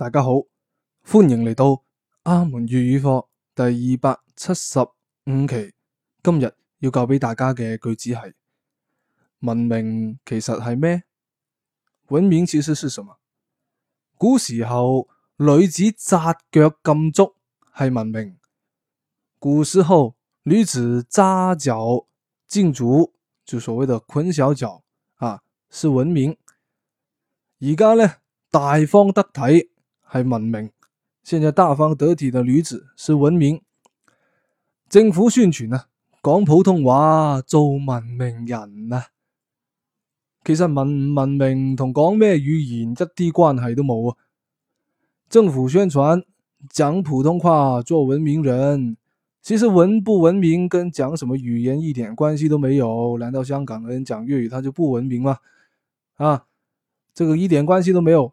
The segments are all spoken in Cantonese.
大家好，歡迎嚟到阿門粵語課第二百七十五期。今日要教俾大家嘅句子係：文明其實係咩？文明其實是什麼？古時候女子紮腳禁足係文明。古時候女子紮腳禁足，就所謂的捆小腳啊，是文明。而家呢，大方得體。係文明，現在大方得體的女子是文明。政府宣傳啊，講普通話做文明人啊。其實文唔文明同講咩語言一啲關係都冇啊。政府宣傳，講普通話做文明人，其實文不文明跟講什麼語言一點關係都沒有。難道香港人講粵語，他就不文明嗎？啊，這個一點關係都沒有。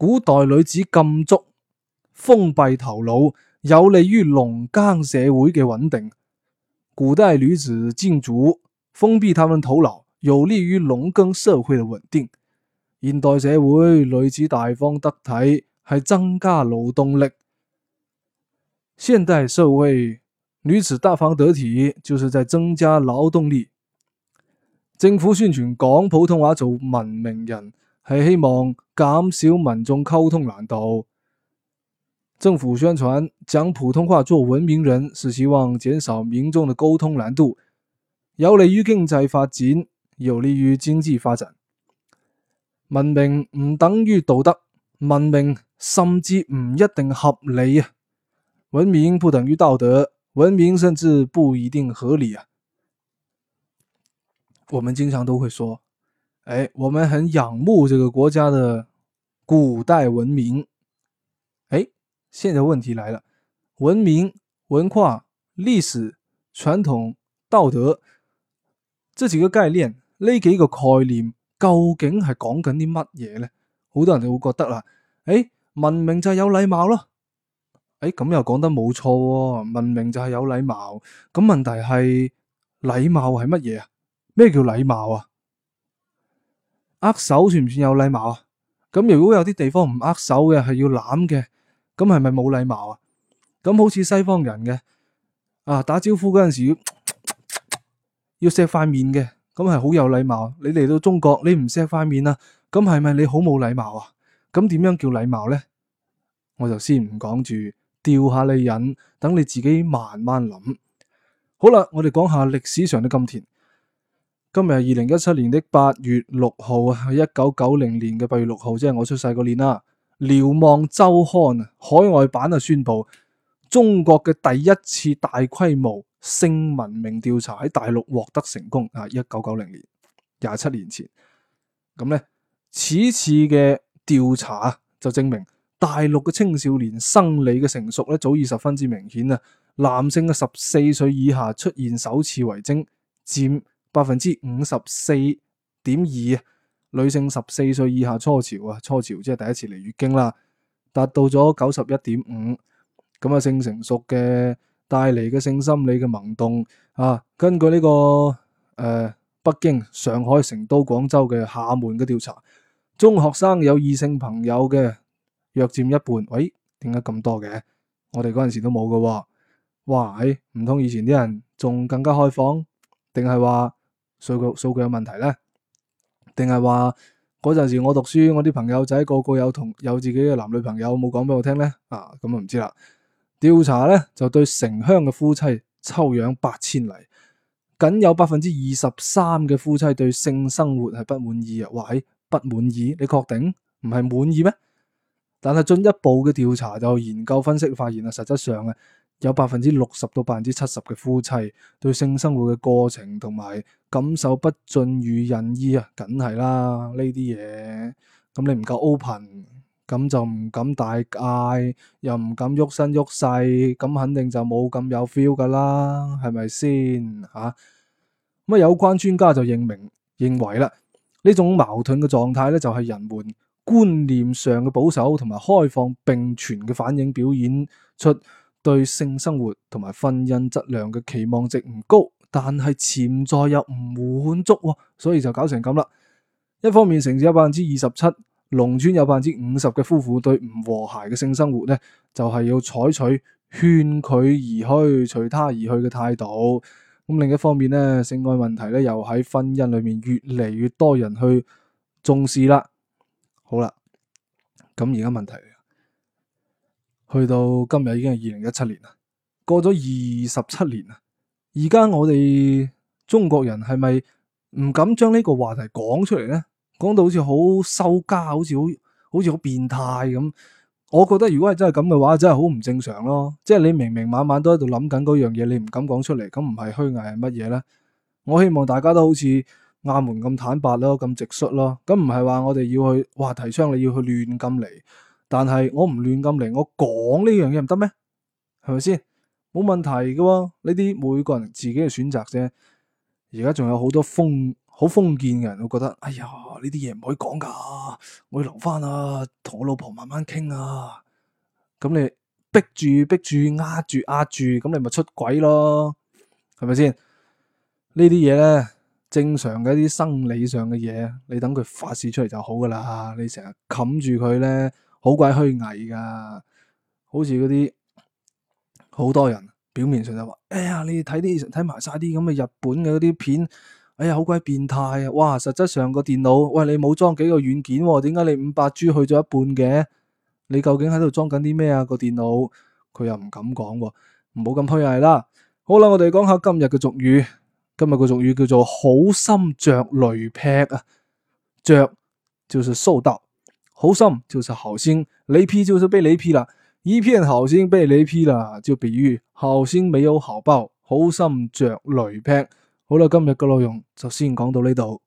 古代女子禁足，封閉頭腦，有利於農耕社會嘅穩定。古代女子禁足，封閉他們頭腦，有利於農耕社會嘅穩定。現代社會女子大方得體，係增加勞動力。現代社會女子大方得體，就是在增加勞動力。政府宣傳講普通話，做文明人。係希望減少民眾溝通難度。政府宣傳講普通話，做文明人，是希望減少民眾的溝通難度，有利於經濟發展，有利於經濟發展。文明唔等於道德，文明甚至唔一定合理啊。文明不等於道德，文明甚至不一定合理啊。我們經常都會說。哎，我們很仰慕這個國家的古代文明。哎，現在問題來了，文明、文化、歷史、傳統、道德，這幾個概念，呢幾個概念究竟係講緊啲乜嘢咧？好多人就會覺得啦，哎，文明就係有禮貌咯。哎，咁又講得冇錯，哦，文明就係有禮貌。咁問題係禮貌係乜嘢啊？咩叫禮貌啊？握手算唔算有禮貌啊？咁如果有啲地方唔握手嘅，係要攬嘅，咁係咪冇禮貌啊？咁好似西方人嘅，啊打招呼嗰陣時咳咳咳要錫塊面嘅，咁係好有禮貌。你嚟到中國，你唔錫塊面啊？咁係咪你好冇禮貌啊？咁點樣叫禮貌呢？我就先唔講住，吊下你癮，等你自己慢慢諗。好啦，我哋講下歷史上的今天。今日係二零一七年的八月六號啊，一九九零年嘅八月六號，即係我出世個年啦。《瞭望周刊》海外版啊宣布，中國嘅第一次大規模性文明調查喺大陸獲得成功啊！一九九零年廿七年前，咁咧，此次嘅調查就證明大陸嘅青少年生理嘅成熟咧，早已十分之明顯啊！男性嘅十四歲以下出現首次遺精，占。百分之五十四點二，女性十四歲以下初潮啊，初潮即係第一次嚟月經啦，達到咗九十一點五咁啊，性成熟嘅帶嚟嘅性心理嘅萌動啊，根據呢、這個誒、呃、北京、上海、成都、廣州嘅廈門嘅調查，中學生有異性朋友嘅約佔一半。喂、哎，點解咁多嘅？我哋嗰陣時都冇㗎，哇！誒，唔通以前啲人仲更加開放，定係話？數據數據有問題呢？定係話嗰陣時我讀書，我啲朋友仔個個有同有自己嘅男女朋友，冇講俾我聽呢？啊，咁啊唔知啦。調查呢就對城鄉嘅夫妻抽樣八千例，僅有百分之二十三嘅夫妻對性生活係不滿意啊！哇，不滿意，你確定唔係滿意咩？但係進一步嘅調查就研究分析發現啊，實質上嘅。有百分之六十到百分之七十嘅夫妻對性生活嘅過程同埋感受不盡如人意啊，梗係啦，呢啲嘢。咁你唔夠 open，咁就唔敢大嗌，又唔敢喐身喐勢，咁肯定就冇咁有 feel 噶啦，係咪先嚇？咁啊，有關專家就認明認為啦，呢種矛盾嘅狀態咧，就係人們觀念上嘅保守同埋開放並存嘅反應，表演出。對性生活同埋婚姻質量嘅期望值唔高，但係潛在又唔滿足啊，所以就搞成咁啦。一方面，城市有百分之二十七，農村有百分之五十嘅夫婦對唔和諧嘅性生活呢，就係、是、要採取勸佢而去、隨他而去嘅態度。咁另一方面呢，性愛問題呢，又喺婚姻裏面越嚟越多人去重視啦。好啦，咁而家問題。去到今日已經係二零一七年啦，過咗二十七年啦，而家我哋中國人係咪唔敢將呢個話題講出嚟呢？講到好似好羞家，好似好好似好變態咁。我覺得如果係真係咁嘅話，真係好唔正常咯。即係你明明晚晚都喺度諗緊嗰樣嘢，你唔敢講出嚟，咁唔係虛偽係乜嘢呢？我希望大家都好似阿門咁坦白咯，咁直率咯。咁唔係話我哋要去話提倡你要去亂咁嚟。但係我唔亂咁嚟，我講呢樣嘢唔得咩？係咪先？冇問題嘅喎，呢啲每個人自己嘅選擇啫。而家仲有好多封好封建嘅人，會覺得，哎呀，呢啲嘢唔可以講噶，我要留翻啊，同我老婆慢慢傾啊。咁你逼住逼住壓住壓住，咁你咪出軌咯，係咪先？呢啲嘢咧，正常嘅一啲生理上嘅嘢，你等佢發洩出嚟就好噶啦。你成日冚住佢咧。好鬼虛偽噶，好似嗰啲好多人表面上就話：哎呀，你睇啲睇埋晒啲咁嘅日本嘅嗰啲片，哎呀，好鬼變態啊！哇，實質上個電腦，喂，你冇裝幾個軟件喎？點解你五百 G 去咗一半嘅？你究竟喺度裝緊啲咩啊？個電腦佢又唔敢講喎，唔好咁虛偽啦。好啦，我哋講下今日嘅俗語。今日嘅俗語叫做好心着雷劈啊！着，就是蘇德。好心就是好心，雷劈就是被雷劈啦，一片好心被雷劈啦，就比喻好心沒有好報，好心着雷劈。好啦，今日嘅內容就先講到呢度。